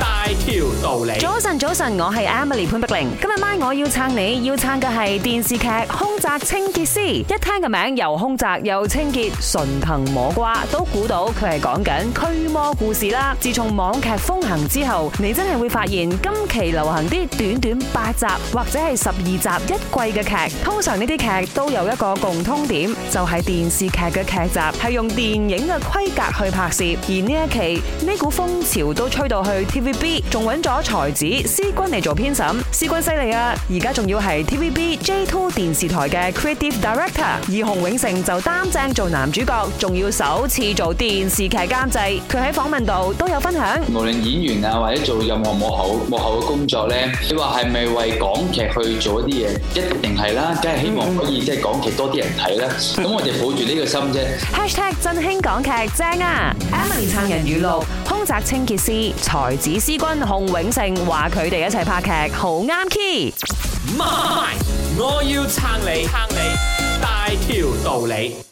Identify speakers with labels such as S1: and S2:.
S1: 大條道理，早
S2: 晨早晨，我係 Emily 潘碧玲。今日晚我要撐你，要撐嘅係電視劇《凶宅清潔師》。一聽個名，又凶宅又清潔，順藤摸瓜都估到佢係講緊驅魔故事啦。自從網劇風行之後，你真係會發現，今期流行啲短短八集或者係十二集一季嘅劇，通常呢啲劇都有一個共通點，就係、是、電視劇嘅劇集係用電影嘅規格去拍攝。而呢一期呢股風潮都吹到去、TVB TVB 仲揾咗才子 C 君嚟做編審，C 君犀利啊！而家仲要係 T V B J Two 電視台嘅 Creative Director，而洪永城就擔正做男主角，仲要首次做電視劇監製。佢喺訪問度都有分享，
S3: 無論演員啊，或者做任何幕後幕後嘅工作咧，你話係咪為港劇去做一啲嘢？一定係啦，梗係希望可以即係港劇多啲人睇啦。咁我哋保住呢個心啫。
S2: #hashtag 振興港劇，正啊！Emily 撐人語錄。責清潔師才子詩君洪永勝話佢哋一齊拍劇好啱 key，
S1: 我要撐你撐你，大條道理。